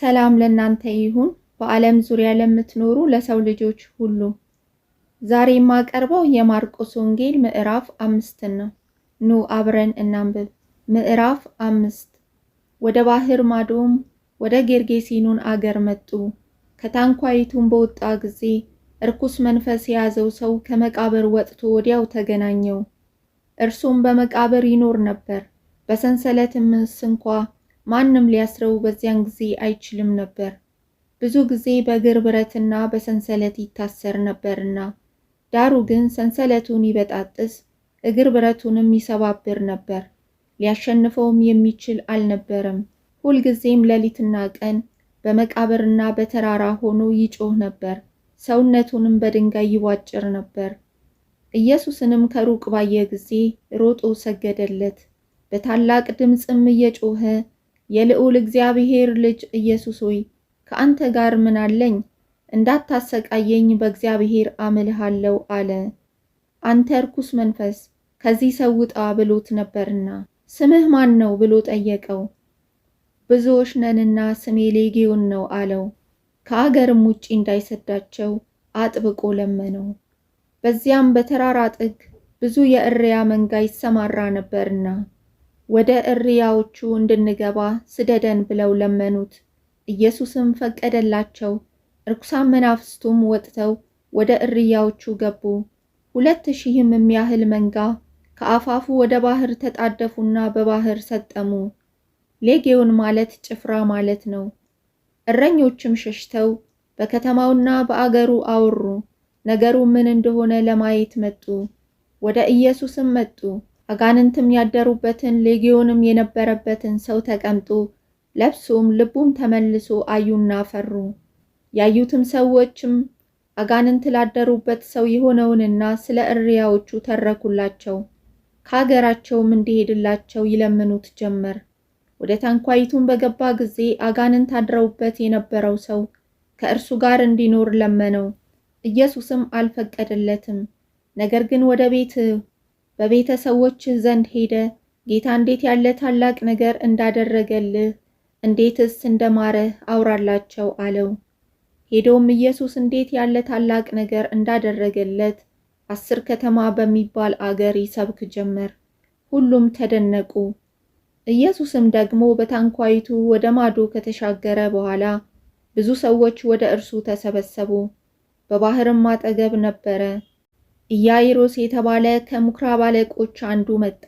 ሰላም ለእናንተ ይሁን በዓለም ዙሪያ ለምትኖሩ ለሰው ልጆች ሁሉ ዛሬ የማቀርበው የማርቆስ ወንጌል ምዕራፍ አምስትን ነው። ኑ አብረን እናንብብ። ምዕራፍ አምስት ወደ ባህር ማዶም ወደ ጌርጌሲኑን አገር መጡ። ከታንኳይቱም በወጣ ጊዜ እርኩስ መንፈስ የያዘው ሰው ከመቃብር ወጥቶ ወዲያው ተገናኘው። እርሱም በመቃብር ይኖር ነበር፣ በሰንሰለትም ስንኳ ማንም ሊያስረው በዚያን ጊዜ አይችልም ነበር። ብዙ ጊዜ በእግር ብረትና በሰንሰለት ይታሰር ነበርና፣ ዳሩ ግን ሰንሰለቱን ይበጣጥስ እግር ብረቱንም ይሰባብር ነበር። ሊያሸንፈውም የሚችል አልነበረም። ሁልጊዜም ሌሊትና ቀን በመቃብርና በተራራ ሆኖ ይጮህ ነበር። ሰውነቱንም በድንጋይ ይቧጭር ነበር። ኢየሱስንም ከሩቅ ባየ ጊዜ ሮጦ ሰገደለት። በታላቅ ድምፅም እየጮኸ የልዑል እግዚአብሔር ልጅ ኢየሱስ ሆይ ከአንተ ጋር ምን አለኝ? እንዳታሰቃየኝ በእግዚአብሔር አምልሃለሁ አለ። አንተ ርኩስ መንፈስ ከዚህ ሰው ውጣ ብሎት ነበርና ስምህ ማን ነው ብሎ ጠየቀው። ብዙዎች ነንና ስሜ ሌጌውን ነው አለው። ከአገርም ውጪ እንዳይሰዳቸው አጥብቆ ለመነው። በዚያም በተራራ ጥግ ብዙ የእርያ መንጋ ይሰማራ ነበርና ወደ እርያዎቹ እንድንገባ ስደደን ብለው ለመኑት። ኢየሱስም ፈቀደላቸው። ርኩሳን መናፍስቱም ወጥተው ወደ እርያዎቹ ገቡ። ሁለት ሺህም የሚያህል መንጋ ከአፋፉ ወደ ባህር ተጣደፉና በባህር ሰጠሙ። ሌጌውን ማለት ጭፍራ ማለት ነው። እረኞችም ሸሽተው በከተማውና በአገሩ አወሩ። ነገሩ ምን እንደሆነ ለማየት መጡ። ወደ ኢየሱስም መጡ። አጋንንትም ያደሩበትን ሌጊዮንም የነበረበትን ሰው ተቀምጦ ለብሶም ልቡም ተመልሶ አዩና ፈሩ። ያዩትም ሰዎችም አጋንንት ላደሩበት ሰው የሆነውንና ስለ እሪያዎቹ ተረኩላቸው። ከሀገራቸውም እንዲሄድላቸው ይለምኑት ጀመር። ወደ ታንኳይቱን በገባ ጊዜ አጋንንት አድረውበት የነበረው ሰው ከእርሱ ጋር እንዲኖር ለመነው። ኢየሱስም አልፈቀደለትም። ነገር ግን ወደ ቤት በቤተሰቦችህ ዘንድ ሄደ ጌታ እንዴት ያለ ታላቅ ነገር እንዳደረገልህ እንዴትስ እንደማረህ አውራላቸው አለው። ሄዶም ኢየሱስ እንዴት ያለ ታላቅ ነገር እንዳደረገለት አስር ከተማ በሚባል አገር ይሰብክ ጀመር። ሁሉም ተደነቁ። ኢየሱስም ደግሞ በታንኳይቱ ወደ ማዶ ከተሻገረ በኋላ ብዙ ሰዎች ወደ እርሱ ተሰበሰቡ። በባህርም አጠገብ ነበረ። ኢያይሮስ የተባለ ከምኵራብ አለቆች አንዱ መጣ።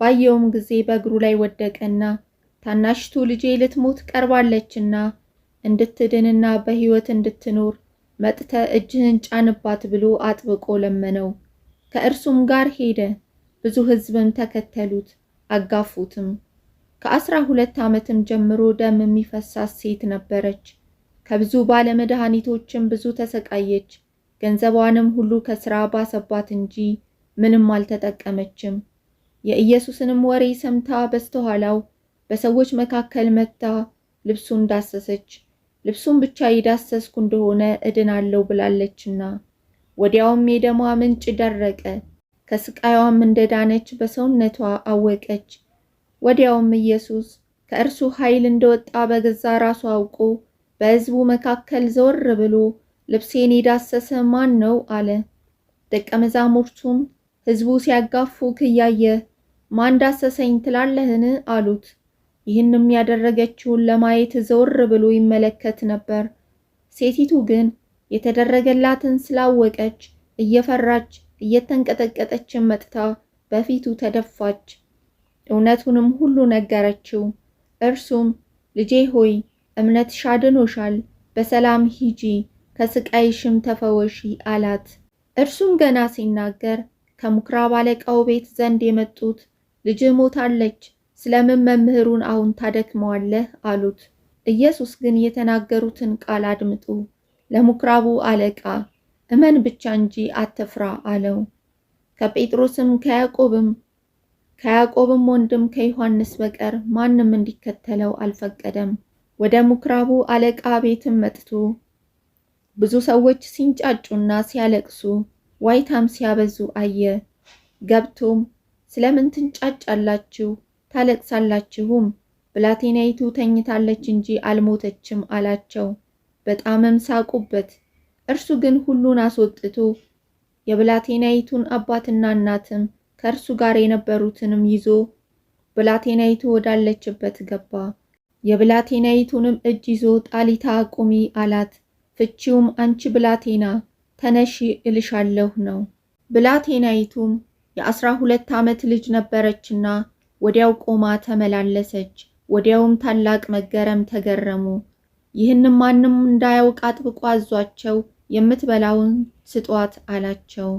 ባየውም ጊዜ በእግሩ ላይ ወደቀና ታናሽቱ ልጄ ልትሞት ቀርባለችና እንድትድንና በሕይወት እንድትኖር መጥተ እጅህን ጫንባት ብሎ አጥብቆ ለመነው። ከእርሱም ጋር ሄደ። ብዙ ሕዝብም ተከተሉት አጋፉትም። ከአስራ ሁለት ዓመትም ጀምሮ ደም የሚፈሳት ሴት ነበረች። ከብዙ ባለመድኃኒቶችም ብዙ ተሰቃየች። ገንዘቧንም ሁሉ ከስራ ባሰባት እንጂ ምንም አልተጠቀመችም። የኢየሱስንም ወሬ ሰምታ በስተኋላው በሰዎች መካከል መጥታ ልብሱን ዳሰሰች። ልብሱን ብቻ የዳሰስኩ እንደሆነ እድናለሁ ብላለችና፣ ወዲያውም የደሟ ምንጭ ደረቀ። ከስቃይዋም እንደዳነች በሰውነቷ አወቀች። ወዲያውም ኢየሱስ ከእርሱ ኃይል እንደወጣ በገዛ ራሱ አውቆ በሕዝቡ መካከል ዘወር ብሎ ልብሴን የዳሰሰ ማን ነው አለ። ደቀ መዛሙርቱም ሕዝቡ ሲያጋፉ እያየ ማን ዳሰሰኝ ትላለህን አሉት። ይህንም ያደረገችውን ለማየት ዘወር ብሎ ይመለከት ነበር። ሴቲቱ ግን የተደረገላትን ስላወቀች እየፈራች እየተንቀጠቀጠችን መጥታ በፊቱ ተደፋች። እውነቱንም ሁሉ ነገረችው። እርሱም ልጄ ሆይ እምነትሽ አድኖሻል፣ በሰላም ሂጂ ከስቃይሽም ተፈወሺ አላት። እርሱም ገና ሲናገር ከምኵራብ አለቃው ቤት ዘንድ የመጡት ልጅ ሞታለች፣ ስለምን መምህሩን አሁን ታደክመዋለህ? አሉት። ኢየሱስ ግን የተናገሩትን ቃል አድምጡ፣ ለምኵራቡ አለቃ እመን ብቻ እንጂ አትፍራ አለው። ከጴጥሮስም ከያዕቆብም ከያዕቆብም ወንድም ከዮሐንስ በቀር ማንም እንዲከተለው አልፈቀደም። ወደ ምኵራቡ አለቃ ቤትም መጥቶ ብዙ ሰዎች ሲንጫጩና ሲያለቅሱ ዋይታም ሲያበዙ አየ። ገብቶም ስለምን ትንጫጫላችሁ ታለቅሳላችሁም? ብላቴናይቱ ተኝታለች እንጂ አልሞተችም አላቸው። በጣምም ሳቁበት። እርሱ ግን ሁሉን አስወጥቶ የብላቴናይቱን አባትና እናትም ከእርሱ ጋር የነበሩትንም ይዞ ብላቴናይቱ ወዳለችበት ገባ። የብላቴናይቱንም እጅ ይዞ ጣሊታ ቁሚ አላት። ፍቺውም አንቺ ብላቴና ተነሺ እልሻለሁ ነው። ብላቴናይቱም የአስራ ሁለት ዓመት ልጅ ነበረችና ወዲያው ቆማ ተመላለሰች። ወዲያውም ታላቅ መገረም ተገረሙ። ይህንም ማንም እንዳያውቅ አጥብቆ አዟቸው የምትበላውን ስጧት አላቸው።